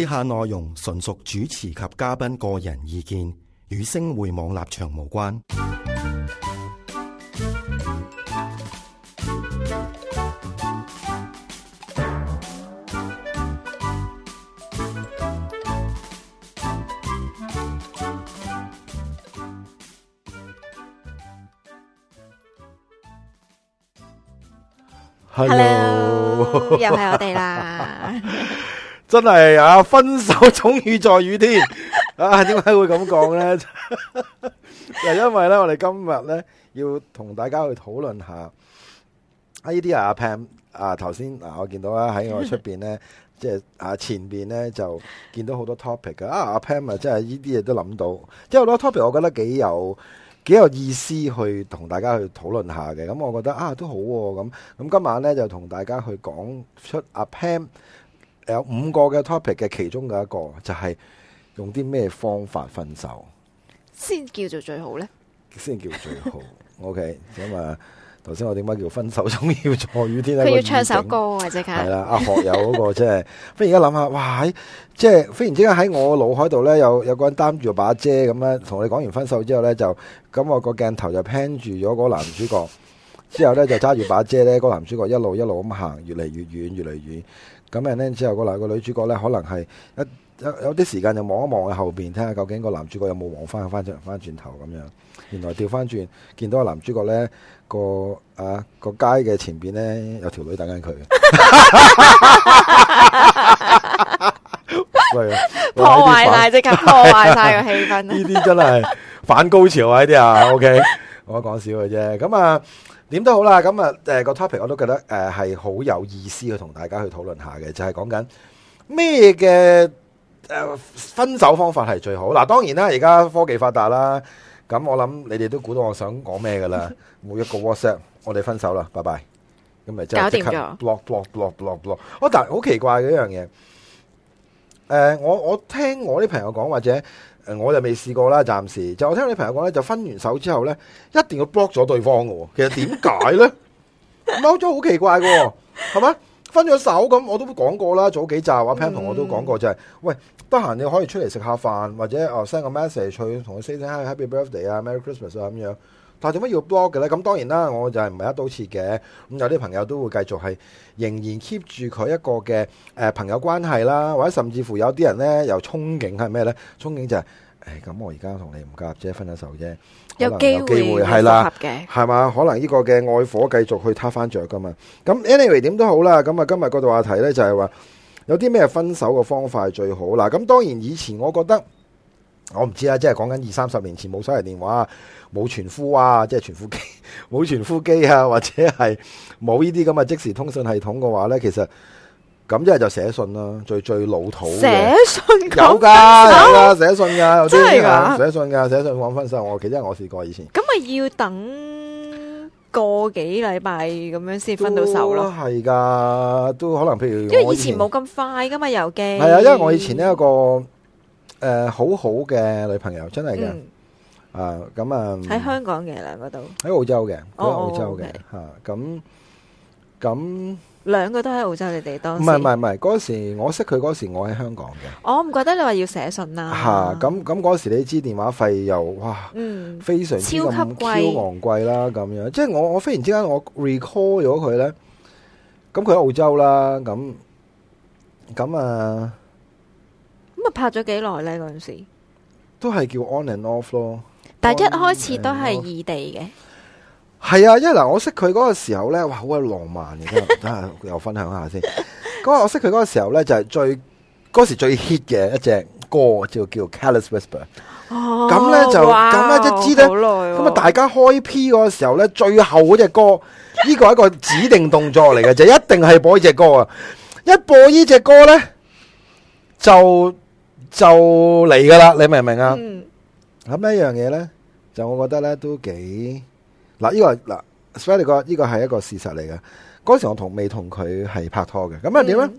以下內容純屬主持及嘉賓個人意見，與星匯網立場無關。Hello， 又係我哋啦。 真係啊！分手總要在雨天啊！點解會咁講呢？ 就因為呢，我哋今日呢要同大家去討論下啊！呢啲啊，阿 Pam 啊，頭先嗱，我見到啦喺我出面呢，嗯、即係啊前邊呢，就見到好多 topic 啊！阿 Pam 咪真係呢啲嘢都諗到，即係好多 topic，我覺得幾有幾有意思去同大家去討論下嘅。咁我覺得啊，都好喎、啊、咁。咁今晚呢，就同大家去講出阿、啊、Pam 有五個嘅 topic 嘅，其中嘅一個就係用啲咩方法分手先叫做最好呢？先叫最好。O K，咁啊，頭先我點解叫分手總要在雨天呢？咧？佢要唱首歌或者係？係啦，阿、啊、學友嗰個即係，忽 然間諗下，哇！即係忽然之間喺我腦海度呢，有有個人擔住把遮咁樣，同你講完分手之後呢，就咁我個鏡頭就 pan 住咗嗰個男主角，之後呢，就揸住把遮呢，嗰、嗰個男主角一路一路咁行，越嚟越遠，越嚟越遠。咁人咧之後過嚟個女主角咧，可能係一有有啲時間就望一望佢後邊，睇下究竟個男主角有冇望翻翻轉翻轉頭咁樣。原來掉翻轉，見到個男主角咧個啊個街嘅前邊咧有條女等緊佢。破壞晒，即刻破壞晒個氣氛，呢啲真係反高潮啊！呢啲啊，OK，我講笑嘅啫。咁啊～點都好啦，咁啊、誒個 topic 我都覺得誒係好有意思去同大家去討論下嘅，就係講緊咩嘅誒分手方法係最好嗱。當然啦，而家科技發達啦，咁我諗你哋都估到我想講咩㗎啦。 每一個 WhatsApp，我哋分手啦，拜拜。咁咪即係搞掂咗。block block block block block，我但係好奇怪嘅一樣嘢。誒、呃，我我聽我啲朋友講或者。我就未試過啦，暫時就我聽你朋友講咧，就分完手之後咧，一定要 block 咗對方嘅喎。其實點解咧？block 咗好奇怪喎，係咪？分咗手咁我都講過啦，早幾集阿 Pan 同我都講過就係、是，喂，得閒你可以出嚟食下飯，或者啊、uh, send 個 message 去同佢 say 聲 Happy Birthday 啊、uh,，Merry Christmas 啊咁樣。但係點解要 blog 嘅咧？咁當然啦，我就係唔係一刀切嘅。咁有啲朋友都會繼續係仍然 keep 住佢一個嘅誒朋友關係啦，或者甚至乎有啲人咧又憧憬係咩咧？憧憬就係、誒、咁，我而家同你唔夾啫，分咗手啫。有機會係啦，係嘛？可能呢個嘅愛火繼續去撻翻著噶嘛。咁 anyway 點都好啦。咁啊，今日嗰度話題咧就係、是、話有啲咩分手嘅方法係最好啦。咁當然以前我覺得。我唔知啊，即係講緊二三十年前，冇手提電話，冇傳呼啊，即係傳呼機，冇傳呼機啊，或者係冇呢啲咁嘅即時通訊系統嘅話咧，其實咁即係就寫信啦，最最老土嘅。寫的手信有噶有噶寫信噶真係噶寫信噶寫信講分手，我其實我試過以前。咁咪要等個幾禮拜咁樣先分到手咯，係噶都可能譬如因為以前冇咁快噶嘛，郵寄係啊，因為我以前咧一個。誒，好好嘅女朋友，真係嘅。啊，咁啊。喺香港嘅兩個都。喺澳洲嘅，喺澳洲嘅吓，咁咁。兩個都喺澳洲，你哋當。唔係唔係唔係，嗰時我識佢嗰時，我喺香港嘅。我唔覺得你話要寫信啦。吓，咁咁嗰時你知電話費又哇，非常超級貴超昂貴啦，咁樣。即係我我忽然之間我 recall 咗佢咧，咁佢喺澳洲啦，咁咁啊。咁啊，拍咗幾耐呢？嗰陣時都係叫 on and off 咯。但係一開始都係異地嘅。係啊，因為嗱我識佢嗰個時候呢，哇，好鬼浪漫嘅。等下又分享下先。嗰 我識佢嗰個時候，就是時 per，哦、呢，就係最嗰時最 hit 嘅一隻歌，叫叫 Callous Whisper。咁呢，就咁呢，一知呢，咁啊，大家開 P 嗰個時候呢，最後嗰隻歌，呢、呢個係一個指定動作嚟嘅， 就一定係播呢隻歌啊！一播呢隻歌呢，就。就嚟噶啦，你明唔明啊？咁一、嗯、樣嘢咧，就我覺得咧都幾嗱呢個嗱，Sandy 個呢個係一個事實嚟嘅。嗰時我同未同佢係拍拖嘅，咁啊點咧？嗯、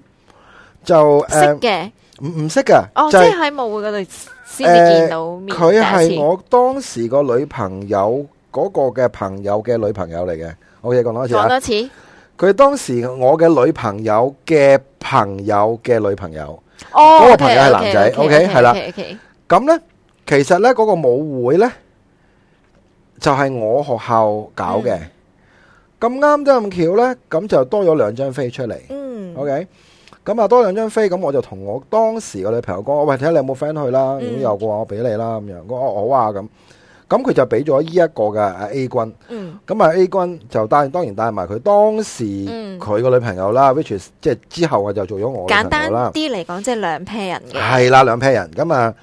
就識嘅，唔唔識噶，哦，即係喺舞會嗰度先至見到佢係我當時個女朋友嗰個嘅朋友嘅女朋友嚟嘅。OK，講多次，講多次。佢當時我嘅女朋友嘅朋友嘅女朋友。那個嗰個朋友係男仔，OK 係啦，咁咧其實咧嗰個舞會咧就係我學校搞嘅，咁啱得咁巧咧，咁就多咗兩張飛出嚟，嗯，OK，咁啊多兩張飛，咁我就同我當時個女朋友講，喂，睇下你有冇 friend 去啦，如果有嘅話，我俾你啦，咁樣，我話好啊，咁。咁佢就俾咗呢一個嘅 A 君，咁啊 A 君就帶當然帶埋佢當時佢個女朋友啦，which 即係之後啊就做咗我簡單啲嚟講，即係兩批人嘅係啦，兩批人咁啊，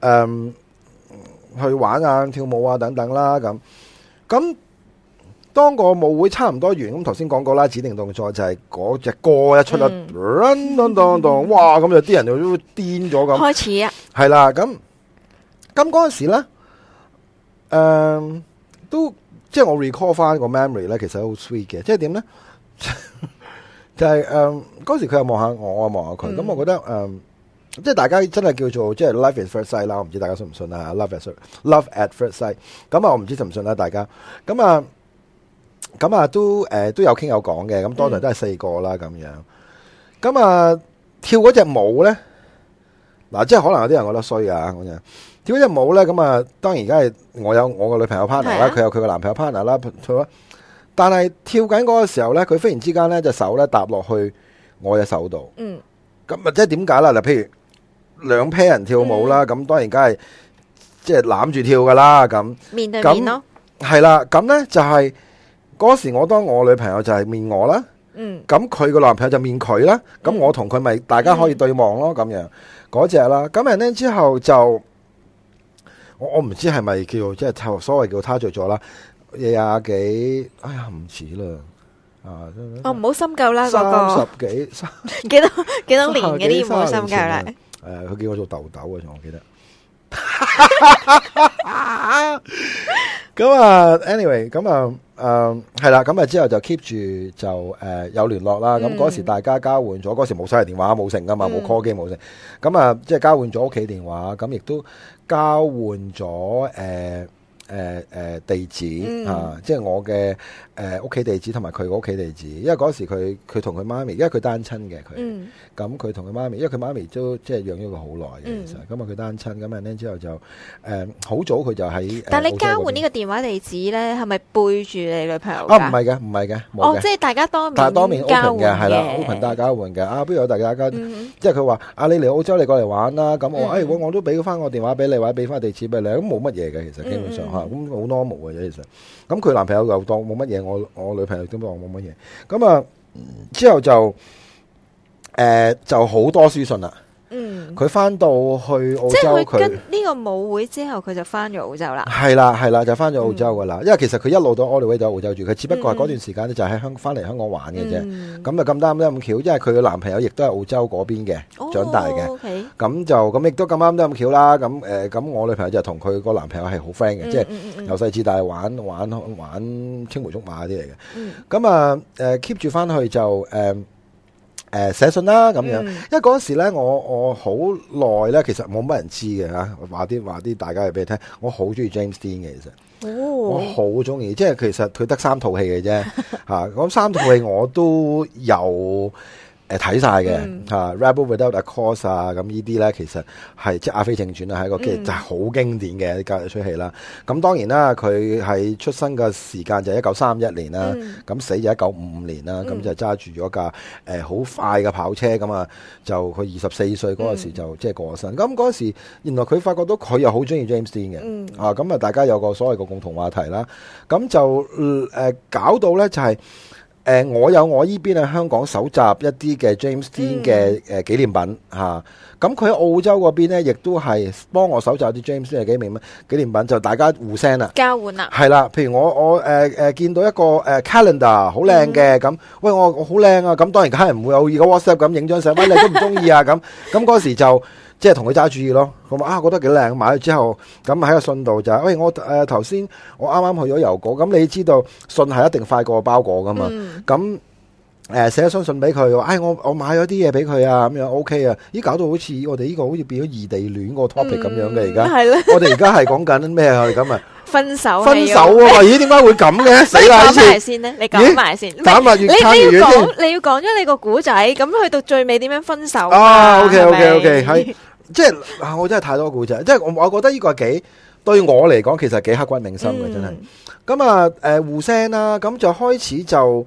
誒去玩啊跳舞啊等等啦，咁咁當個舞會差唔多完，咁頭先講過啦，指定動作就係嗰隻歌一出啦，run run run run，哇咁就啲人就都癲咗咁，開始啊，係啦，咁咁嗰陣時咧。誒、嗯，都即係我 recall 翻個 memory 咧，其實好 sweet 嘅，即係點咧？就係誒，嗰 時佢又望下我，望下佢，咁、嗯嗯、我覺得誒，即、嗯、係、就是、大家真係叫做即係 love at first sight 啦，我唔知大家信唔信啊？Love at love at first sight，咁啊，我唔知信唔信啦，大家，咁啊，咁啊，嗯、都誒、呃、都有傾有講嘅，咁當然都係四個啦，咁樣，咁、嗯、啊，跳嗰隻舞咧，嗱，即係可能有啲人覺得衰啊，咁隻。如果隻舞咧咁啊，當然而家係我有我個女朋友 partner 啦，佢、啊、有佢個男朋友 partner 啦。但係跳緊嗰個時候咧，佢忽然之間咧隻手咧搭落去我隻手度。嗯，咁啊，即係點解啦？嗱，譬如兩 pair 人跳舞啦，咁、嗯、當然梗係即係攬住跳噶啦。咁，面對面咯那，係啦。咁咧就係、是、嗰時我當我女朋友就係面我啦。嗯，咁佢個男朋友就面佢啦。咁、嗯、我同佢咪大家可以對望咯，咁樣嗰隻啦。咁然之後就。我唔知係咪叫即係所謂叫他着咗啦，廿幾哎呀唔止啦啊！哦，唔好深究啦，三十幾幾多幾多年嘅呢，唔好深究啦。誒，佢、 呃、叫我做豆豆啊，仲我記得。咁啊，anyway，咁啊誒係、嗯、啦，咁啊之後就 keep 住就誒、呃、有聯絡啦。咁嗰、嗯、時大家交換咗，嗰時冇手提電話冇成噶嘛，冇 call 機冇成。咁啊，即係交換咗屋企電話，咁亦都。交換咗誒。呃誒誒地址嚇，即係我嘅誒屋企地址同埋佢個屋企地址。因為嗰時佢佢同佢媽咪，因為佢單親嘅佢，咁佢同佢媽咪，因為佢媽咪都即係養咗佢好耐嘅，咁啊佢單親，咁樣咧之後就誒好早佢就喺。但係你交換呢個電話地址咧，係咪背住你女朋友？啊唔係嘅，唔係嘅，冇嘅。哦，即係大家當面交換嘅，係啦，當面交換嘅。啊，不如大家交，即係佢話啊，你嚟澳洲你過嚟玩啦。咁我誒，我都俾咗翻我電話俾你，或者俾翻地址俾你，都冇乜嘢嘅其實，基本上。咁好 normal 嘅啫，其實，咁佢男朋友又當冇乜嘢，我我女朋友都當冇乜嘢，咁啊，之後就，誒、呃，就好多書信啦。嗯，佢翻到去澳洲佢跟呢個舞會之後，佢就翻咗澳洲啦。係啦係啦，就翻咗澳洲噶啦。嗯、因為其實佢一路都 all the way 都喺澳洲住，佢只不過係嗰段時間咧就喺香翻嚟香港玩嘅啫。咁啊咁啱得咁巧，因為佢嘅男朋友亦都係澳洲嗰邊嘅長大嘅，咁 okay 就咁亦都咁啱得咁巧啦。咁誒，咁、呃、我女朋友就同佢個男朋友係好 friend 嘅，即係由細至大玩玩玩，玩青梅竹馬啲嚟嘅。咁、嗯、啊誒 keep 住翻去就誒。呃誒，寫、uh, 信啦、啊、咁樣，因為嗰時咧，我我好耐咧，其實冇乜人知嘅吓，話啲話啲大家去俾你聽，我好中意 James Dean 嘅其實，oh. 我好中意，即係其實佢得三套戲嘅啫，吓、 啊，咁三套戲我都有。誒睇晒嘅吓 Rebel Without a Cause 啊，咁呢啲咧其實係即阿飛正傳啊，係一個即係好經典嘅一出戲啦。咁當然啦，佢係出生嘅時間就係一九三一年啦，咁、mm. 死就一九五五年啦，咁就揸住咗架誒好快嘅跑車咁啊，就佢二十四歲嗰陣時就即係過身。咁嗰時原來佢發覺到佢又好中意 James Dean 嘅，啊咁啊大家有個所謂嘅共同話題啦。咁就誒、嗯啊、搞到咧就係、是。誒，我有我依邊喺香港蒐集一啲嘅 James Dean 嘅誒紀念品嚇，咁佢澳洲嗰邊咧，亦都係幫我蒐集啲 James Dean 嘅紀念品，紀念品就大家互相啦，交換啦，係啦，譬如我我誒誒見到一個誒 calendar 好靚嘅咁，喂我我好靚啊，咁當然客人唔會有而家 WhatsApp 咁影張相，喂你都唔中意啊咁，咁嗰時就。即係同佢揸主意咯，咁啊覺得幾靚，買咗之後咁喺個信度就，誒我誒頭先我啱啱去咗郵局，咁你知道信係一定快過包裹噶嘛？咁誒寫咗信俾佢，誒我我買咗啲嘢俾佢啊，咁樣 O K 啊，咦搞到好似我哋呢個好似變咗異地戀個 topic 咁樣嘅而家，我哋而家係講緊咩啊？咁啊分手分手喎，咦點解會咁嘅？你講埋先咧，你講埋先，講埋越差越遠先。你要講咗你個古仔，咁去到最尾點樣分手啊？O K O K O K 係。即係我真係太多故仔，即係我我覺得呢個係幾對我嚟講，其實幾刻骨銘心嘅，真係咁啊。誒、嗯，互相啦，咁就開始就誒、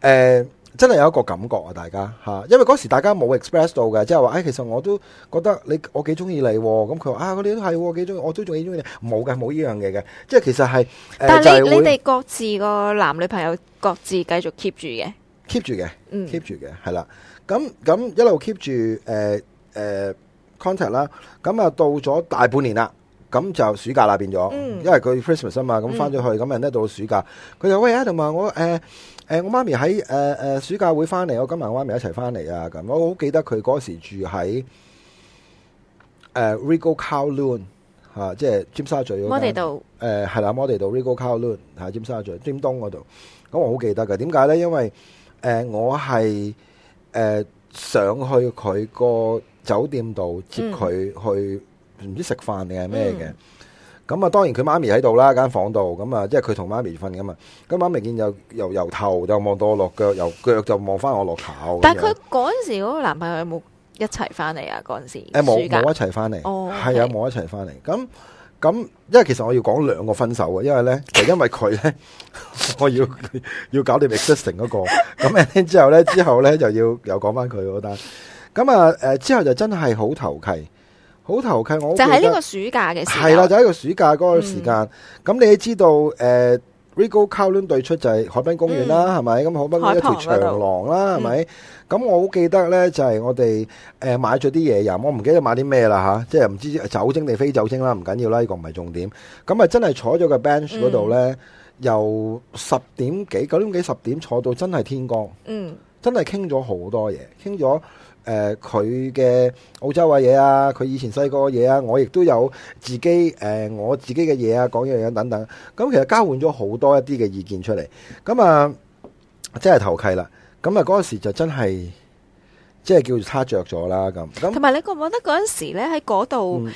呃，真係有一個感覺啊，大家吓，因為嗰時大家冇 express 到嘅，即係話誒，其實我都覺得你我幾中意你咁，佢話啊，我哋都係幾中意，我都仲幾中意你，冇嘅冇呢樣嘢嘅，即係其實係、呃、但係你哋各自個男女朋友各自繼續 keep 住嘅，keep 住嘅，keep 住嘅係啦，咁咁、嗯、一路 keep 住誒誒。呃呃 contact 啦，咁啊到咗大半年啦，咁就暑假啦變咗，嗯、因為佢 Christmas 啊嘛，咁翻咗去，咁啊咧到暑假，佢就喂啊同埋我誒誒、呃、我媽咪喺誒誒暑假會翻嚟，我今日我媽咪一齊翻嚟啊咁，我好記得佢嗰時住喺誒、呃、Regal Kowloon 吓、啊，即係尖沙咀嗰度。誒係啦，摩地道 Regal Kowloon 係、啊、尖沙咀尖，尖東嗰度，咁我好記得嘅。點解咧？因為誒、呃、我係誒想去佢個酒店度接佢去唔知食飯定係咩嘅，咁啊當然佢媽咪喺度啦，間房度，咁啊即係佢同媽咪瞓噶嘛，咁媽咪見又又由頭就望到我落腳，由腳就望翻我落頭。但係佢嗰陣時嗰個男朋友有冇一齊翻嚟啊？嗰陣時，誒冇冇一齊翻嚟，係啊冇一齊翻嚟。咁咁因為其實我要講兩個分手啊，因為咧就因為佢咧，我要要搞掂 existing 嗰個，咁跟住之後咧之後咧就要又講翻佢嗰單。咁啊，誒之後就真係好投契，好投契。我就喺呢個暑假嘅時候，係啦，就喺個暑假嗰個時間。咁你知道，誒，Regal Kowloon 對出就係海濱公園啦，係咪？咁海濱一條長廊啦，係咪？咁我好記得呢，就係我哋誒買咗啲嘢飲，我唔記得買啲咩啦吓，即係唔知酒精定非酒精啦，唔緊要啦，呢個唔係重點。咁啊，真係坐咗個 bench 嗰度呢，由十點幾、九點幾、十點坐到真係天光。嗯，真係傾咗好多嘢，傾咗。誒，佢嘅、呃、澳洲嘅嘢啊，佢以前細個嘢啊，我亦都有自己誒、呃，我自己嘅嘢啊，講樣樣等等，咁、嗯、其實交換咗好多一啲嘅意見出嚟，咁、嗯、啊，真係投契啦，咁啊嗰陣時就真係，即係叫做「他着咗」啦，咁咁。同埋你覺唔覺得嗰陣時咧喺嗰度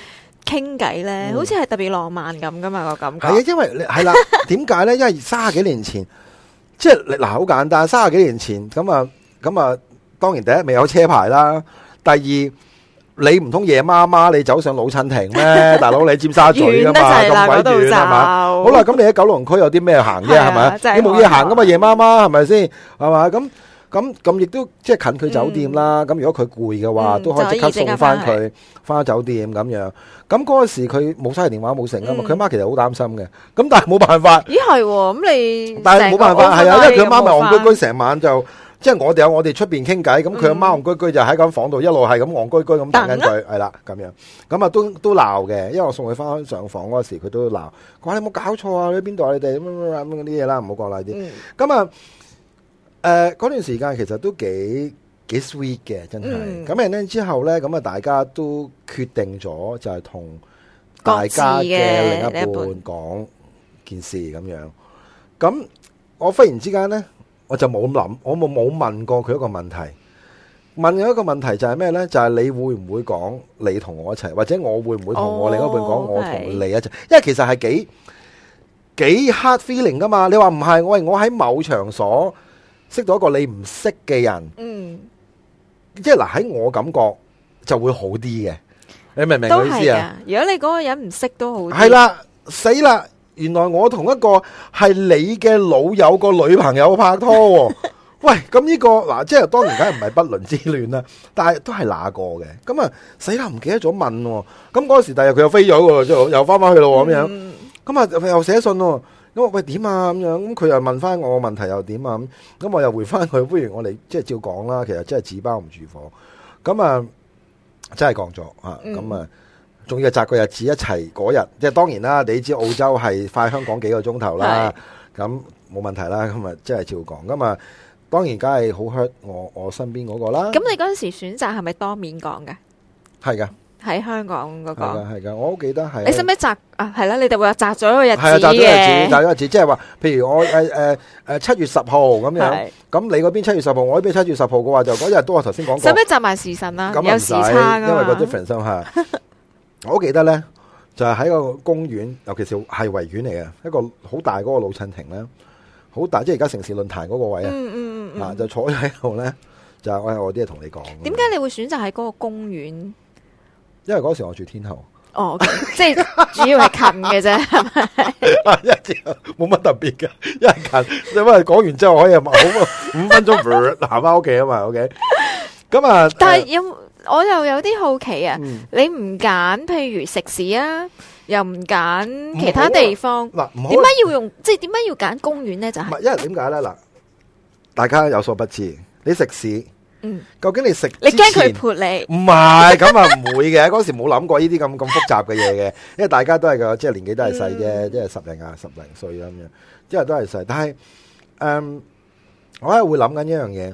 傾偈咧，呢嗯、好似係特別浪漫咁噶嘛個感覺、嗯？係啊，因為係啦，點解咧？因為卅幾年前，即係嗱，好簡單，卅幾年前咁啊，咁、嗯、啊。嗯嗯當然，第一未有車牌啦。第二，你唔通夜媽媽你走上老襯亭咩？大佬你尖沙咀噶嘛咁鬼遠係嘛？好啦，咁你喺九龍區有啲咩行啫？係嘛？你冇嘢行噶嘛？夜媽媽係咪先？係嘛？咁咁咁亦都即係近佢酒店啦。咁如果佢攰嘅話，都可以即刻送翻佢翻酒店咁樣。咁嗰時佢冇晒電話冇成噶嘛？佢媽其實好擔心嘅。咁但係冇辦法。咦係咁你？但係冇辦法係啊，因為佢媽咪戇居居成晚就。即係我哋有我哋出邊傾偈，咁佢阿貓戇居居就喺間房度一路係咁戇居居咁等緊佢，係啦咁樣，咁啊都都鬧嘅，因為我送佢翻上房嗰時佢都鬧，佢話你冇搞錯啊，你喺邊度啊，你哋咁樣咁嗰啲嘢啦，唔好講啦啲。咁啊，誒嗰、嗯啊呃、段時間其實都幾幾 sweet 嘅，真係。咁然、嗯、之後呢，咁啊大家都決定咗就係同大家嘅另一半講件事咁樣。咁我忽然之間呢。我就冇諗，我冇冇問過佢一個問題。問佢一個問題就係咩呢？就係你會唔會講你同我一齊，或者我會唔會同我另一半講我同你一齊？因為其實係幾幾 hard feeling 噶嘛。你話唔係？喂，我喺某場所識到一個你唔識嘅人，嗯，即係嗱喺我感覺就會好啲嘅。你明唔明我意思啊？如果你嗰個人唔識都好，係啦，死啦。原來我同一個係你嘅老友個女朋友拍拖，喂，咁呢個嗱，即係當然梗係唔係不倫之戀啦，但係都係那個嘅，咁啊死啦，唔記得咗問，咁嗰時第二日佢又飛咗，又又翻翻去咯，咁樣，咁啊又寫信，咁我喂點啊咁樣，咁佢又問翻我問題又點啊，咁，咁我又回翻佢，不如我哋即係照講啦，其實真係紙包唔住火，咁啊真係講咗啊，咁啊。嗯仲要係擇個日子一齊嗰日，即係當然啦。你知澳洲係快香港幾個鐘頭啦，咁冇的問題啦。咁啊，即係照講。咁啊，當然梗係好 hurt 我我身邊嗰個啦。咁你嗰陣時選擇係咪當面講嘅？係噶的，喺香港嗰、嗰個係噶，我好記得係、啊。你使唔使擇啊？係啦，你哋有摘咗個日子嘅，摘咗日子。日子即係話，譬如我誒誒誒七月十號咁樣。咁的你嗰邊七月十號，我呢邊七月十號嘅話，就嗰日都我頭先講過。使唔使摘埋時辰啊？有時差、啊、因為嗰啲 friend 我記得咧，就係、是、喺個公園，尤其是係維園嚟嘅，一個好大嗰個老襯亭咧，好大，即係而家城市論壇嗰個位、嗯嗯嗯、啊，就坐喺度咧，就我係我啲嘢同你講。點解你會選擇喺嗰個公園？因為嗰時候我住天后。哦，okay, 即係主要係近嘅啫，係咪？ 啊，一直冇乜特別噶，因為近，因為講完之後可以好、 okay? 啊，五分鐘 walk 行翻屋企啊嘛，OK。咁啊、呃，但係有。我又有啲好奇啊！你唔揀，譬如食肆啊，又唔揀其他地方，點解要用？即係點解要揀公園咧？就係唔係因為點解咧？嗱，大家有所不知，你食肆，嗯，究竟你食？你驚佢潑你？唔係咁啊，唔會嘅。嗰時冇諗過呢啲咁咁複雜嘅嘢嘅，因為大家都係個即係年紀都係細嘅，即係十零啊十零歲咁樣，即係都係細。但係，誒，我係會諗緊一樣嘢。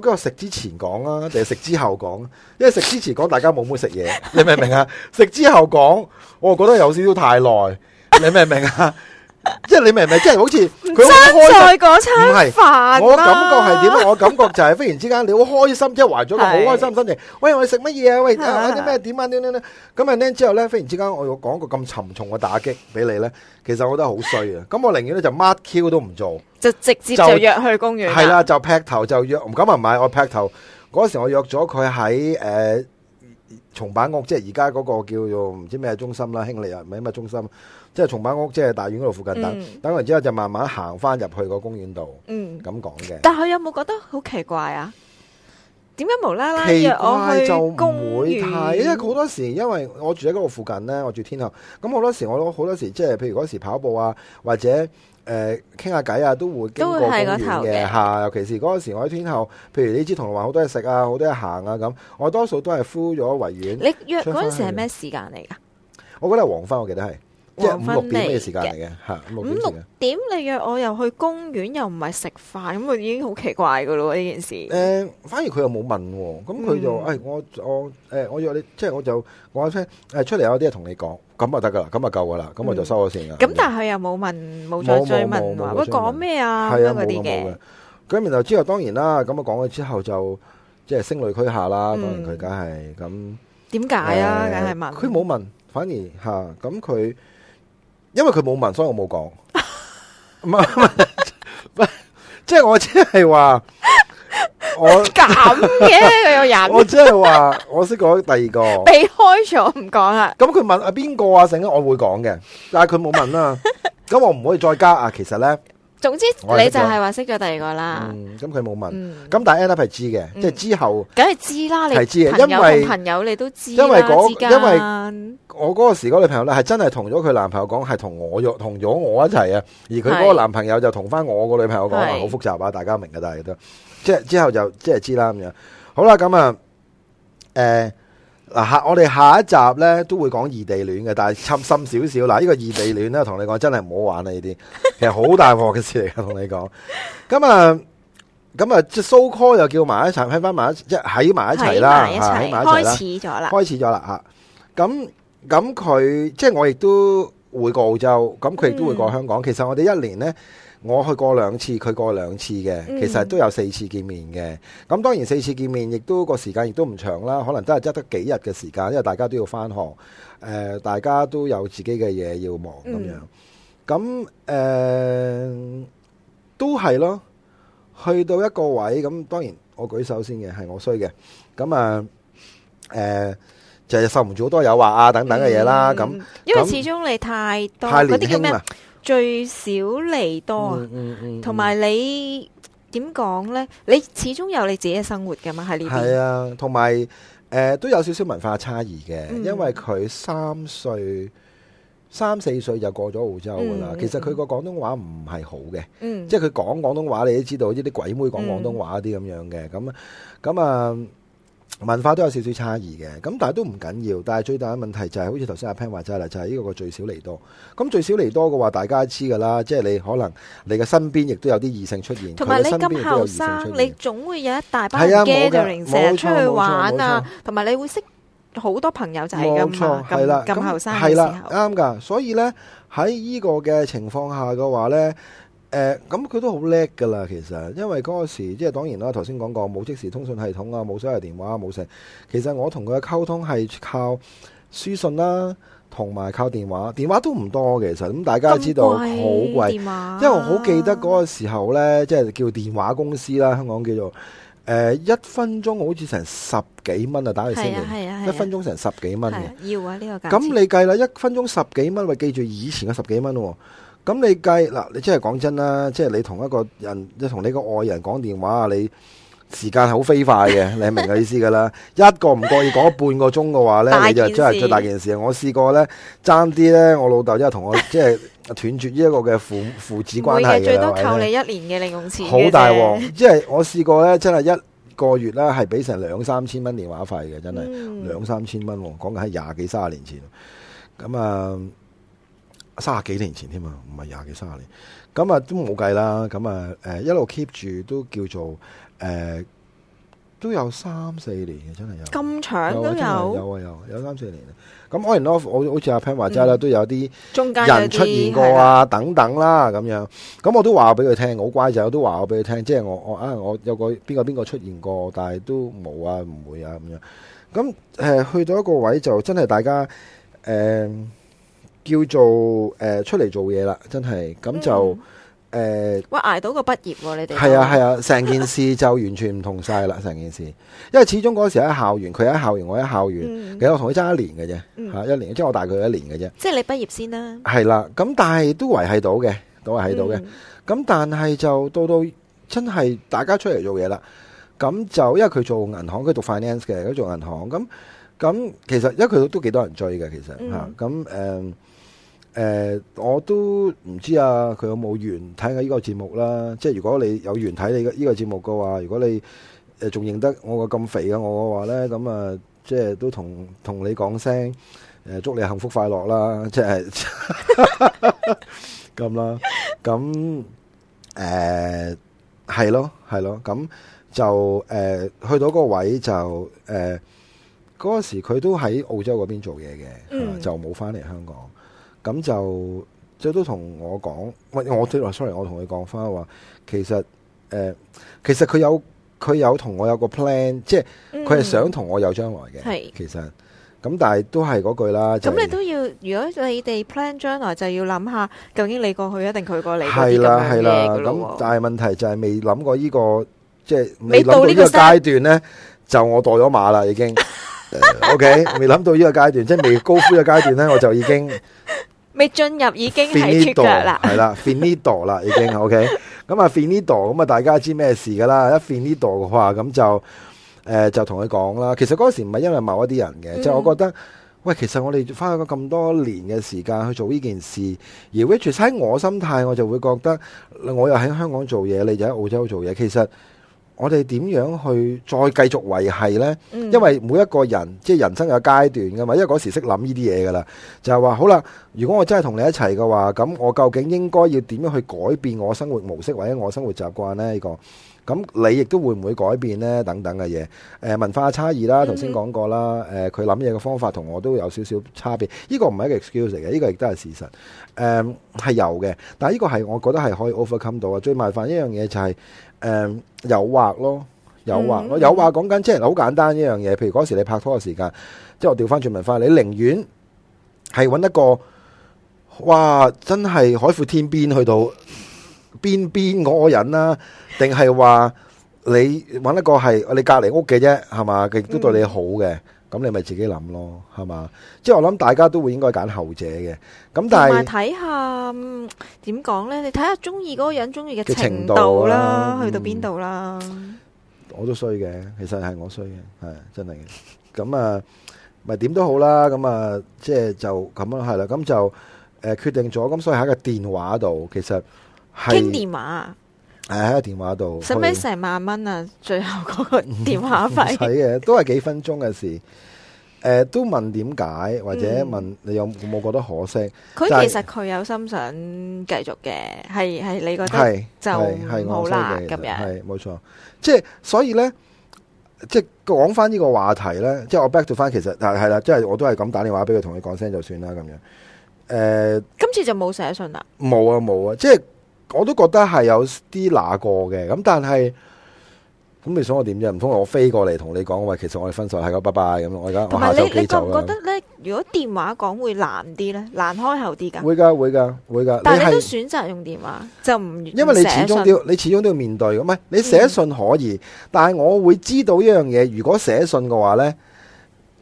究竟食之前講啦，定係食之後講？因為食之前講，大家冇冇食嘢，你明唔明啊？食 之後講，我又覺得有少少太耐，你明唔明啊？ 即係你明明即係好似佢好開心，唔係飯。我感覺係點咧？我感覺就係忽然之間你好開心，即係懷咗個好開心心情。喂，我哋食乜嘢啊？喂，啲咩點啊？點點點咁樣咧？之後咧，忽然之間我又講個咁沉重嘅打擊俾你咧，其實我覺得好衰啊。咁我寧願咧就乜 Q 都唔做，就直接就約去公園。係啦，就劈頭就約。唔敢話買，我劈頭嗰時我約咗佢喺誒松坂屋，即係而家嗰個叫做唔知咩中心啦，興利啊，唔係咩中心。即係松阪屋，即係大院嗰度附近等，嗯、等完之後就慢慢行翻入去個公園度，咁講嘅。但係有冇覺得好奇怪啊？點解無啦啦約我去公園？奇怪就唔會太，因為好多時，因為我住喺嗰度附近呢，我住天后，咁好多時我好多時，即係譬如嗰時跑步啊，或者誒傾下偈啊，都會的都會喺個頭嘅吓。尤其是嗰陣時，我喺天后，譬如你知銅鑼灣好多嘢食啊，好多嘢行啊咁，我多數都係敷咗維園。你約嗰陣時係咩時間嚟噶？我嗰日黃昏，我記得係。即係五六點咩時間嚟嘅吓？五六點你約我又去公園又唔係食飯咁，我已經好奇怪噶咯呢件事。誒，反而佢又冇問，咁佢就誒，我我誒，我約你，即係我就話聲誒，出嚟有啲嘢同你講，咁就得噶啦，咁啊夠噶啦，咁我就收咗線啦。咁但係佢又冇問，冇再追問話會講咩啊？係啊，嗰啲嘅。咁然後之後當然啦，咁啊講咗之後就即係聲淚俱下啦。當然佢梗係咁。點解啊？梗係問。佢冇問，反而吓咁佢。因為佢冇問，所以我冇講。唔係唔係，即係我只係話我咁嘅一個人。我只係話我識講第二個，避開咗唔講啦。咁佢問啊邊個啊？成日我會講嘅，但係佢冇問啊。咁我唔可以再加啊！其實咧。總之你就係話識咗第二個啦，咁佢冇問，咁但係 end up 係知嘅，即係之後梗係知啦，你係知嘅，因為朋友你都知，因為嗰因為我嗰個時嗰個女朋友咧係真係同咗佢男朋友講，係同我約同咗我一齊啊，而佢嗰個男朋友就同翻我個女朋友講，好複雜啊，大家明嘅，但係都即係之後就即係知啦咁樣，好啦，咁啊，誒。嗱吓，我哋下一集咧都會講異地戀嘅，但係深深少少嗱，這個、呢個異地戀咧同你講真係唔好玩啦呢啲，其實好大鑊嘅事嚟㗎，同 你講。咁啊，咁啊，即係 so call 又叫埋一齊，喺翻埋一即係喺埋一齊啦，喺埋一齊啦，開始咗啦，開始咗啦吓。咁咁佢即係我亦都會過澳洲，咁佢亦都會過香港。嗯、其實我哋一年咧。我去過兩次，佢過兩次嘅，其實都有四次見面嘅。咁當然四次見面，亦都個時間亦都唔長啦，可能都係得得幾日嘅時間，因為大家都要返學，誒、呃，大家都有自己嘅嘢要忙咁、嗯、樣。咁誒、呃、都係咯，去到一個位咁，當然我舉手先嘅，係我衰嘅。咁啊誒、呃，就係、是、受唔住好多誘惑啊，等等嘅嘢啦。咁、嗯、咁因為咁始終你太多，太年輕啲咩啊？最少嚟多啊，同埋、嗯嗯嗯、你點講呢？你始終有你自己嘅生活噶嘛。係呢邊係啊，同埋誒都有少少文化差異嘅，嗯、因為佢三歲、三四歲就過咗澳洲噶啦。嗯、其實佢個廣東話唔係好嘅，嗯，即係佢講廣東話，你都知道，呢啲鬼妹講廣東話啲咁樣嘅，咁咁、嗯、啊。文化都有少少差異嘅咁但係都唔緊要但係最大嘅問題就係好似頭先阿 Pan 話齋啦就係呢個個最少嚟多咁最少嚟多嘅話大家知㗎啦即係你可能你嘅身邊亦都有啲異性出現同埋你咁後生你總會有一大班 g a、啊、成日出去玩呀同埋你會識好多朋友就係咁錯咁後生。係啦啱㗎所以呢喺呢個嘅情況下嘅話呢誒，咁佢、呃、都好叻噶啦，其實，因為嗰個時，即係當然啦，頭先講過冇即時通訊系統啊，冇手提電話，冇成。其實我同佢嘅溝通係靠書信啦，同埋靠電話，電話都唔多嘅，其實。咁、嗯、大家知道好貴，因為我好記得嗰個時候呢，即係叫電話公司啦，香港叫做誒、呃，一分鐘好似成十幾蚊啊，打去先嚟，一分鐘成十幾蚊嘅。要啊，咁你計啦，一分鐘十幾蚊，咪記住以前嘅十幾蚊喎、哦。咁你計嗱、啊，你真係講真啦，即係你同一個人，即同你個愛人講電話啊，你時間係好飛快嘅，你明嘅意思噶啦。 一個唔覺意講半個鐘嘅話呢，件你就真係最大件事。我試過呢，爭啲呢，我老豆真係同我即係斷絕呢一個嘅父父子關係嘅，最多扣你一年嘅零用錢。好大鑊！即係我試過呢，真係一個月呢，係俾成兩三千蚊電話費嘅，真係兩、嗯、三千蚊。講緊係廿幾三十年前，咁啊。三十幾年前添啊，唔係廿幾三十年，咁啊都冇計啦，咁啊誒一路 keep 住都叫做誒、呃、都有三四年嘅，真係有咁長都有有啊有有三四年，咁 on and off 我好似阿 Pan 話齋啦，嗯、都有啲中間有出現過啊等等啦咁樣，咁我都話俾佢聽，好乖仔，我都話我俾佢聽，即係我我啊我有個邊個邊個出現過，但係都冇啊，唔會啊咁樣，咁誒、呃、去到一個位就真係大家誒。呃叫做誒、呃、出嚟做嘢啦，真係咁就誒，嗯呃、哇，捱到個畢業，你哋係啊係啊，成、啊啊、件事就完全唔同晒啦，成 件事，因為始終嗰時喺校園，佢喺校園，我喺校園，嗯、其實我同佢爭一年嘅啫，吓、嗯啊、一年即係我大佢一年嘅啫。即係你畢業先啦，係啦，咁但係都維繫到嘅，都維繫到嘅，咁、嗯、但係就到到真係大家出嚟做嘢啦，咁就因為佢做銀行，佢讀 finance 嘅，佢做銀行，咁咁其實因為佢都幾多人追嘅，其實吓，咁誒。嗯啊嗯誒、呃，我都唔知啊，佢有冇緣睇下呢個節目啦。即係如果你有緣睇呢個呢個節目嘅話，如果你誒仲、呃、認得我個咁肥嘅我嘅話咧，咁、嗯、啊，即係都同同你講聲誒，祝你幸福快樂啦！即係咁 啦，咁誒係咯係咯，咁、嗯、就誒、呃、去到個位就誒嗰、呃、時佢都喺澳洲嗰邊做嘢嘅，就冇返嚟香港。咁就，佢都同我講，唔係我即係 sorry，我同佢講返話，其實，呃、其實佢有佢有同我有個 plan，即係佢係想同我有將來嘅。嗯、其實，咁但係都係嗰句啦。咁你都要，就是、如果你哋 plan 將來，就要諗下究竟你過去一定佢過你的，係啦係啦。咁但係問題就係未諗過呢、呢個，即係未到呢個階段咧，就我墮咗馬啦已經。OK，未諗到呢個階段，即係未高呼嘅階段咧，我就已經。未進入已經 Fin 咗啦，係啦，Fin 咗啦已經，OK。咁啊，Fin 咗啦，咁啊，大家知咩事噶啦？一 Fin 嘅話，咁就誒、呃、就同佢講啦。其實嗰時唔係因為某一啲人嘅，即係、嗯、我覺得，喂，其實我哋花咗咁多年嘅時間去做呢件事，而 which 喺我心態，我就會覺得我又喺香港做嘢，你就喺澳洲做嘢，其實。我哋點樣去再繼續維繫呢？嗯、因為每一個人即係人生有階段噶嘛，因為嗰時識諗呢啲嘢噶啦，就係話好啦，如果我真係同你一齊嘅話，咁我究竟應該要點樣去改變我生活模式或者我生活習慣呢？呢個咁你亦都會唔會改變呢？等等嘅嘢、呃，文化嘅差異啦，頭先講過啦，佢諗嘢嘅方法同我都有少少差別，呢、呢個唔係一個 excuse 嚟嘅，呢、呢個亦都係事實，誒、嗯、係有嘅，但係呢個係我覺得係可以 overcome 到嘅，最麻煩一樣嘢就係、是、誒、嗯、誘惑咯，誘惑咯，我、嗯嗯、誘惑講緊即係好簡單一樣嘢，譬如嗰時你拍拖嘅時間，即係我調翻轉文化，你寧願係揾一個，哇！真係海闊天邊去到。邊邊嗰個人啦，定係話你揾一個係你隔籬屋嘅啫，係嘛？佢亦都對你好嘅，咁你咪自己諗咯，係嘛？即係我諗，大家都會應該揀後者嘅。咁但係睇下點講呢？你睇下中意嗰個人，中意嘅程度啦，去到邊度啦？我都衰嘅，其實係我衰嘅，係真係嘅。咁啊，咪點都好啦。咁啊，即係就咁咯，係啦。咁就誒決定咗。咁所以喺個電話度，其實。傾是電話，誒喺個電話度使唔使成萬蚊啊？最後嗰個電話費，唔使嘅， 都係幾分鐘嘅事。誒、呃，都問點解，嗯、或者問你有冇覺得可惜？佢其實佢、就是、有心想繼續嘅，係，係你覺得係就冇啦，咁樣係冇錯。即係所以咧，即係講翻呢、就是、個話題咧，即、就、係、是、我 back to 翻，其實係係啦，即係我都係咁打電話俾佢，同佢講聲就算啦，咁樣。誒、呃，今次就冇寫信啦，冇啊冇啊，即係、啊。就是我都覺得係有啲嗰個嘅，咁但係咁你想我點啫？唔通我飛過嚟同你講，喂，其實我哋分手係咁。拜拜咁，我而家我下晝就走，你覺唔覺得咧？這樣 如果電話講會難啲咧，難開口啲噶？會噶，會噶，會噶。但係你都選擇用電話，就唔是因為你始終都寫信 你始終都，都要面對咁啊。你寫信可以，嗯、但係我會知道一樣嘢，如果寫信嘅話咧，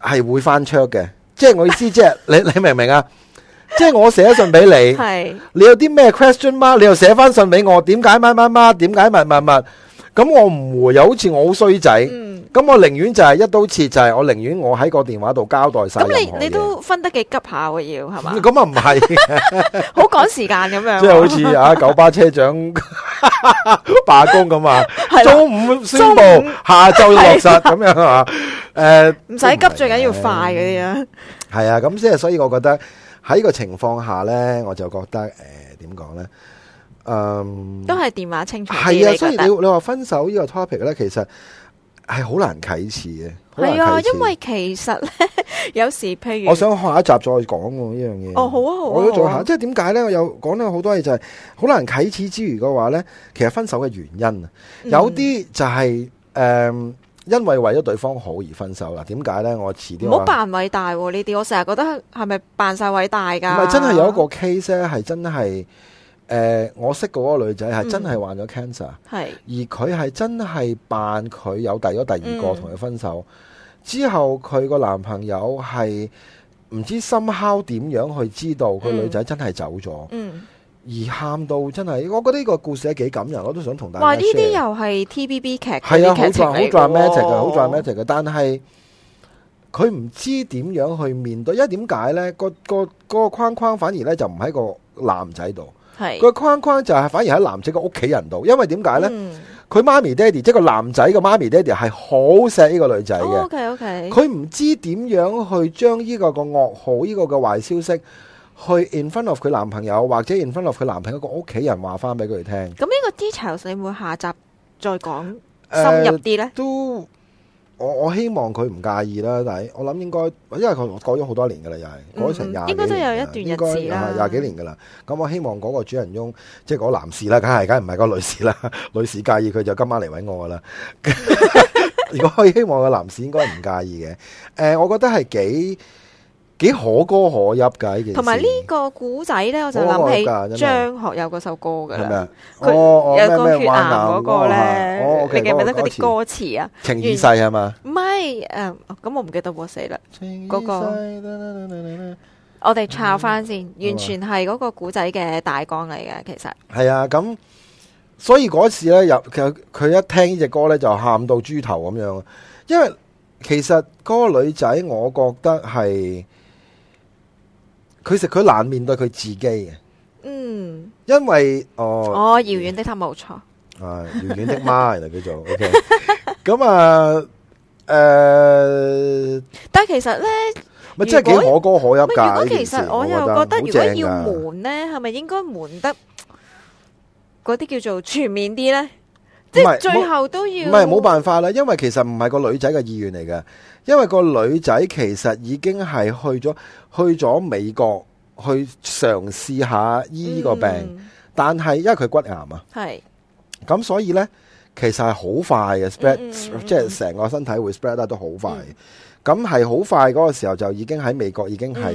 係會翻出嘅。即係我意思、就是，即係 你你明唔明啊？即係我寫信俾你，你有啲咩 question 嗎？你又寫翻信俾我，點解乜乜乜？點解乜乜乜？咁我唔回，又好似我好衰仔。咁我寧願就係一刀切，就係我寧願我喺個電話度交代晒。咁你你都分得幾急下要係嘛？咁啊，唔係，好趕時間咁樣。即係好似啊，九巴車長罷工咁啊，中午宣布，下晝要落實咁樣啊。誒，唔使急，最緊要快嗰啲啊。係啊，咁即係，所以我覺得。喺個情況下呢，我就覺得誒，點、呃、講呢嗯，um, 都係電話清白。係啊，所以你你話分手呢個 topic 呢，其實係好難啟齒嘅。係啊，因為其實呢，有時譬如，我想下一集再講呢樣嘢。哦，好啊，好啊，我都做下，啊啊、即係點解呢？我有講到好多嘢，就係好難啟齒之餘嘅話呢，其實分手嘅原因啊，有啲就係、是、誒。嗯嗯因為為咗對方好而分手啦，點解呢？我遲啲唔好扮偉大喎、啊，呢啲我成日覺得係咪扮晒偉大噶？唔係真係有一個 case 咧，係真係誒，我識嗰個女仔係真係患咗 cancer、嗯、而佢係真係扮佢有第咗第二個同佢分手，嗯、之後，佢個男朋友係唔知 somehow 點樣去知道佢女仔真係走咗。嗯嗯而喊到真係，我覺得呢個故事咧幾感人，我都想同大家講。哇呢啲又係 T V B 劇，係啊，好扎好扎 dramatic 嘅，好扎 dramatic 嘅，但係佢唔知點樣去面對，因為點解呢？個個框框反而咧就唔喺個男仔度，係個是框框就係反而喺男仔嘅屋企人度，因為點解呢？佢媽咪爹哋即係個男仔嘅媽咪爹哋係好錫呢個女仔嘅、哦、，OK OK。佢唔知點樣去將呢個個噩耗，呢個嘅壞消息。去 in front of 佢男朋友，或者 in front of 佢男朋友個屋企人，話翻俾佢哋聽。咁呢個 details 你會，會下集再講深入啲咧、呃？都我我希望佢唔介意啦，但係我諗應該，因為佢過咗好多年噶啦，又係、嗯、過咗成廿年，應該都有一段日子，廿該了幾年噶啦。咁我希望嗰個主人翁，即係嗰男士啦，梗係梗係唔係嗰女士啦。女士介意佢就今晚嚟搵我噶啦。 如果我希望個男士應該唔介意嘅。誒、呃，我覺得係幾。幾可歌可泣噶呢件？同埋呢個古仔咧，我就諗起張學友嗰首歌噶啦，佢有個血癌嗰個咧，你記唔記得嗰啲歌詞啊？情已逝係嘛？唔係誒，咁我唔記得我死啦！嗰個我哋抄翻先，完全係嗰個古仔嘅大綱嚟嘅，其實係啊。咁所以嗰次咧，又其實佢一聽呢隻歌咧，就喊到豬頭咁樣。因為其實嗰個女仔，我覺得係。佢食佢難面對佢自己嘅，嗯，因為哦，哦遙遠的他冇錯，嗯，係遙遠的媽嚟，叫做 ，OK，咁啊，誒、呃，但係其實咧，咪真果即係幾可歌可泣噶。如果其實我又覺得，啊、如果要瞞咧，係咪應該瞞得嗰啲叫做全面啲咧？.即係最後都要唔係冇辦法啦，因為其實唔係個女仔嘅意願嚟嘅，因為個女仔其實已經係去咗去咗美國去嘗試下醫個病，嗯、但係因為佢骨癌啊，係咁是 所以呢，其實係好快嘅 spread，嗯嗯嗯即係成個身體會 spread 得都好快。咁係好快嗰個時候就已經喺美國已經係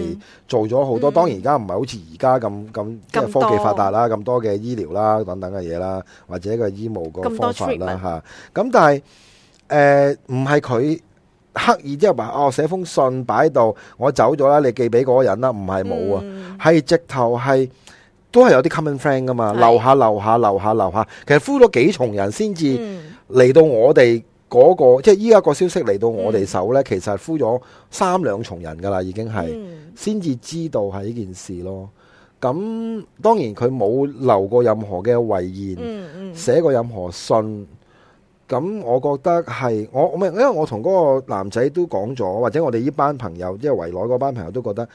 做咗好多，嗯嗯、當然而家唔係好似而家咁咁科技發達啦，咁多嘅醫療啦等等嘅嘢啦，或者個醫務個方法啦吓。咁、啊、但係誒唔係佢刻意即係話哦寫封信擺喺度，我走咗啦，你寄俾嗰個人啦，唔係冇啊，係、嗯、直頭係都係有啲 common friend 噶嘛，樓下樓下樓下樓下，下，其實呼咗幾重人先至嚟到我哋。嗯嗰、那個即係依家個消息嚟到我哋手呢，其實呼咗三兩重人噶啦，已經係先至知道係呢件事咯。咁當然佢冇留過任何嘅遺言，寫過任何信。咁我覺得係我因為我同嗰個男仔都講咗，或者我哋呢班朋友即係圍內嗰班朋友都覺得，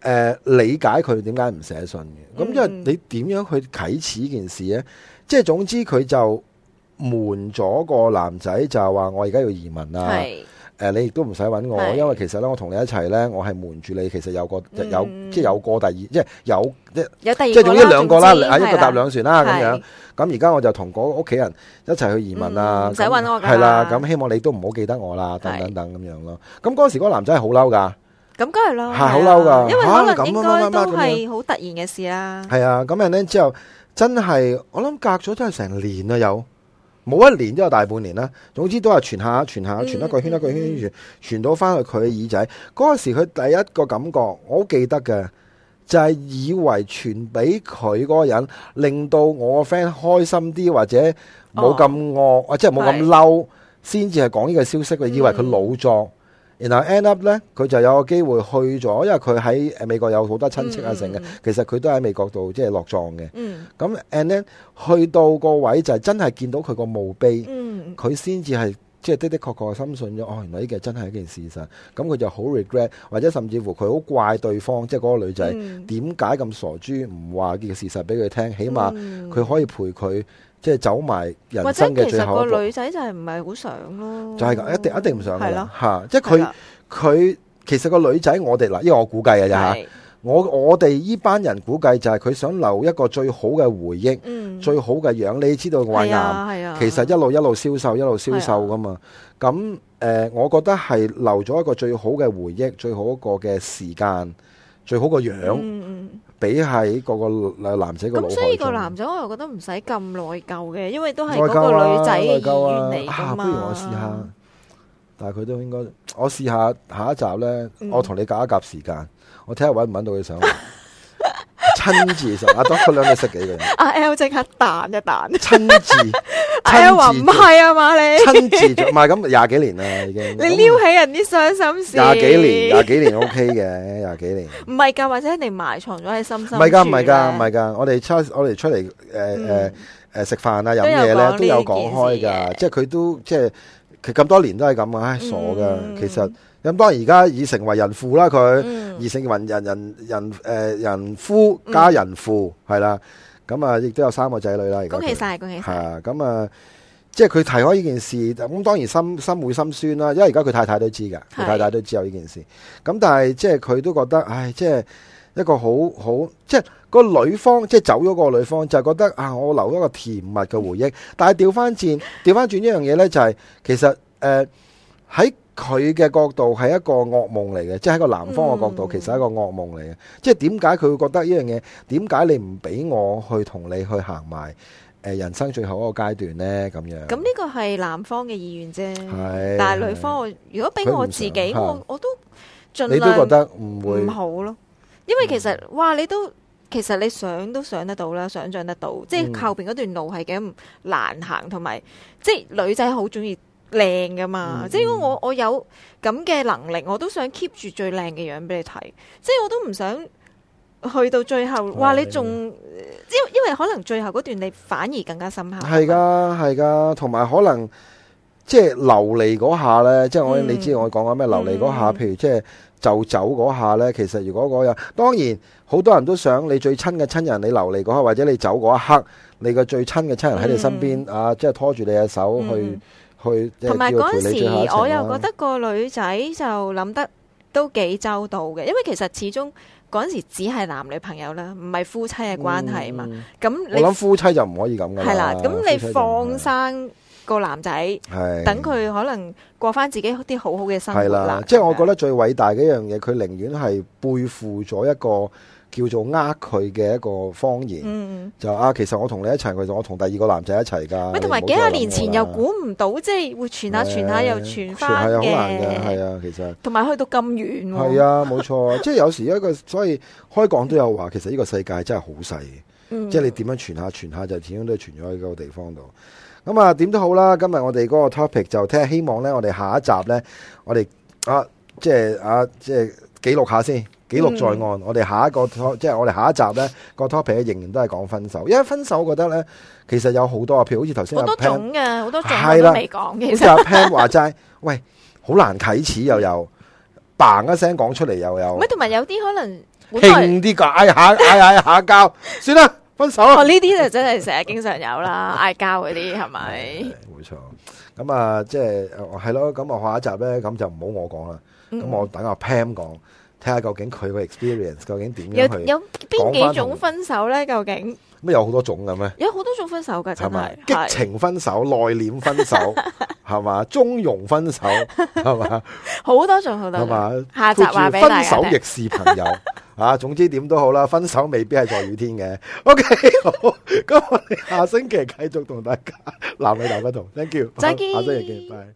呃、理解佢點解唔寫信嘅。咁因為你點樣去啟齒呢件事呢？即係總之佢就。瞞咗個男仔就係話我而家要移民啦，誒，你亦都唔使揾我，因為其實咧我同你一齊咧，我係瞞住你，其實有個有即係有個第二，即係有即係即係總之兩個啦，啊一個搭兩船啦咁樣，咁而家我就同嗰個屋企人一齊去移民啦，唔使揾我，係啦，咁希望你都唔好記得我啦，等等等咁樣咯。咁嗰時嗰個男仔係好嬲噶，咁梗係咯，係好嬲噶，因為可能應該都係好突然嘅事啦。係啊，咁樣咧之後真係我諗隔咗都係成年啊有。冇一年都有大半年啦，總之都係傳下傳下，傳一個圈一個圈，嗯、傳傳到返去佢耳仔。嗰陣、嗯、時佢第一個感覺，我好記得嘅，就係、是、以為傳俾佢嗰個人，令到我個 friend 開心啲，或者冇咁惡，哦、啊即係冇咁嬲，先至係講呢個消息嘅，以為佢老作。嗯嗯然後 end up 咧，佢就有個機會去咗，因為佢喺誒美國有好多親戚啊，成日、mm hmm. 其實佢都喺美國度即係落葬嘅。咁 and 咧，去到個位就係、是、真係見到佢個墓碑，佢先至係即係的的確確深信咗，哦，原來呢個真係一件事實。咁佢就好 regret，或者甚至乎佢好怪對方，即係嗰個女仔點解咁傻豬唔話件事實俾佢聽，起碼佢可以陪佢。Mm hmm. 即係走埋人生嘅最後一步。或者其實個女仔就係唔係好想咯？就係咁，一定一定唔想噶啦吓！即係佢佢其實個女仔，我哋嗱，因為我估計嘅啫是、啊。我我哋依班人估計就係佢想留一個最好嘅回憶，嗯、最好嘅樣。你知道，外貌、啊啊、其實一路一路銷售，一路銷售噶嘛。咁是、啊呃、我覺得係留咗一個最好嘅回憶，最好一個嘅時間。最好個樣，比喺個個男仔個腦海度。所以個男仔我又覺得唔使咁內疚嘅，因為都係個女仔內疚啊。不如我試下，但係佢都應該，我試下下一集咧，我同你夾一夾時間，我睇下揾唔揾到佢手，嗯、親自手。阿、啊、Doctor，識幾個人？阿、啊、L 即刻彈一彈，親自。親啊，做、哎，唔係啊嘛。你親自唔係咁廿幾年啦已經。你撩起人啲傷心事。廿幾年，廿幾年 O K 嘅，廿幾年。唔係噶，或者你埋藏咗喺心心。唔係噶，唔係噶，唔係噶。我哋出我哋出嚟，誒誒誒食飯啊飲嘢，咧都有講開噶，即係佢都即係佢咁多年都係咁啊，唉，傻噶。嗯、其實咁當然而家已成為人父啦，佢而成為人人人誒人、呃、人夫加人父係啦。嗯嗯咁啊，亦都有三個仔女啦。恭喜晒，恭喜晒。啊，咁啊，即係佢提開呢件事，咁當然心心會心酸啦。因為而家佢太太都知嘅，佢是的 太太都知有呢件事。咁但係即係佢都覺得，唉，即係一個好好，即係個女方，即係走咗個女方，就是，覺得啊，我留一個甜蜜嘅回憶。是的 但係調翻轉，調翻轉一樣嘢呢，就係、是，其實誒喺。呃佢嘅角度係一個噩夢嚟嘅，即係喺個男方嘅角度，其實係一個噩夢嚟嘅。即係點解佢會覺得呢樣嘢？點解你唔俾我去同你去行埋？誒，人生最後一個階段呢，咁樣。咁呢個係男方嘅意願啫，係。但係女方，如果俾我自己，我我都盡量都覺得唔會唔好咯。因為其實哇，你都其實你想都想得到啦，想像得到，即係後邊嗰段路係幾難行，同埋即係女仔好中意，靚噶嘛，嗯、即係如果我我有咁嘅能力，我都想 keep 住最靚嘅樣俾你睇，即係我都唔想去到最後話、哦、你仲，因因為可能最後嗰段你反而更加深刻，係噶係噶，同埋可能即係流離嗰下呢，即係我、嗯、你知道我講緊咩流離嗰下，嗯、譬如即係就走嗰下呢。其實如果嗰日，當然好多人都想你最親嘅親人你流離嗰刻，或者你走嗰一刻，你個最親嘅親人喺你身邊、嗯、啊，即係拖住你嘅手去。嗯同埋嗰陣時，我又覺得個女仔就諗得都幾周到嘅，因為其實始終嗰陣時只係男女朋友啦，唔係夫妻嘅關係嘛。咁我諗夫妻就唔可以咁嘅。係啦，咁你放生個男仔，係等佢可能過翻自己啲好好嘅生活啦。即係我覺得最偉大嘅一樣嘢，佢寧願係背負咗一個。叫做呃佢嘅一個方言，嗯、就啊，其實我同你一齊，其實我同第二個男仔一齊噶。同埋幾廿年前又估唔到，即係會傳下傳下又傳翻嘅。係啊的，好難㗎，係啊的，其實。同埋去到咁遠，啊。係啊，冇錯，即係有時一個，所以開講都有話，其實呢個世界真係好細，即係你點樣傳下傳下，就始終都係傳咗喺個地方度。咁啊，點都好啦，今日我哋嗰個 topic 就聽，希望呢，我哋下一集呢，我哋啊，即係啊，即係，啊。即記錄下先，記錄在案。我哋下一個 top，即係我哋下一集咧個 topic 仍然都係講分手，因為分手我覺得咧，其實有好多啊，譬如，好似頭先好多種嘅，好多種都未講嘅。其實阿 Pan 話齋，喂，好難啟齒，又有嘭一聲講出嚟，又有。喂，同埋有啲可能輕啲個，嗌下嗌下嗌下交，算啦，分手啦。哦，呢啲就真係成日經常有啦，嗌交嗰啲係咪？冇錯。咁啊，即係係咯，咁我下一集咧，咁就唔好我講啦。咁我等阿 Pam 講，睇下究竟佢個 experience 究竟點樣有邊幾種分手咧？究竟咩有好多種咁咩？有好多種分手嘅，係咪？激情分手、內斂分手，係嘛？中庸分手，係嘛？好多種好多，係嘛？下集話俾大家。分手亦是朋友，啊！總之點都好啦，分手未必係在雨天嘅。OK，好。咁我哋下星期繼續同大家男女大不同，Thank you，再見。下星期見，拜。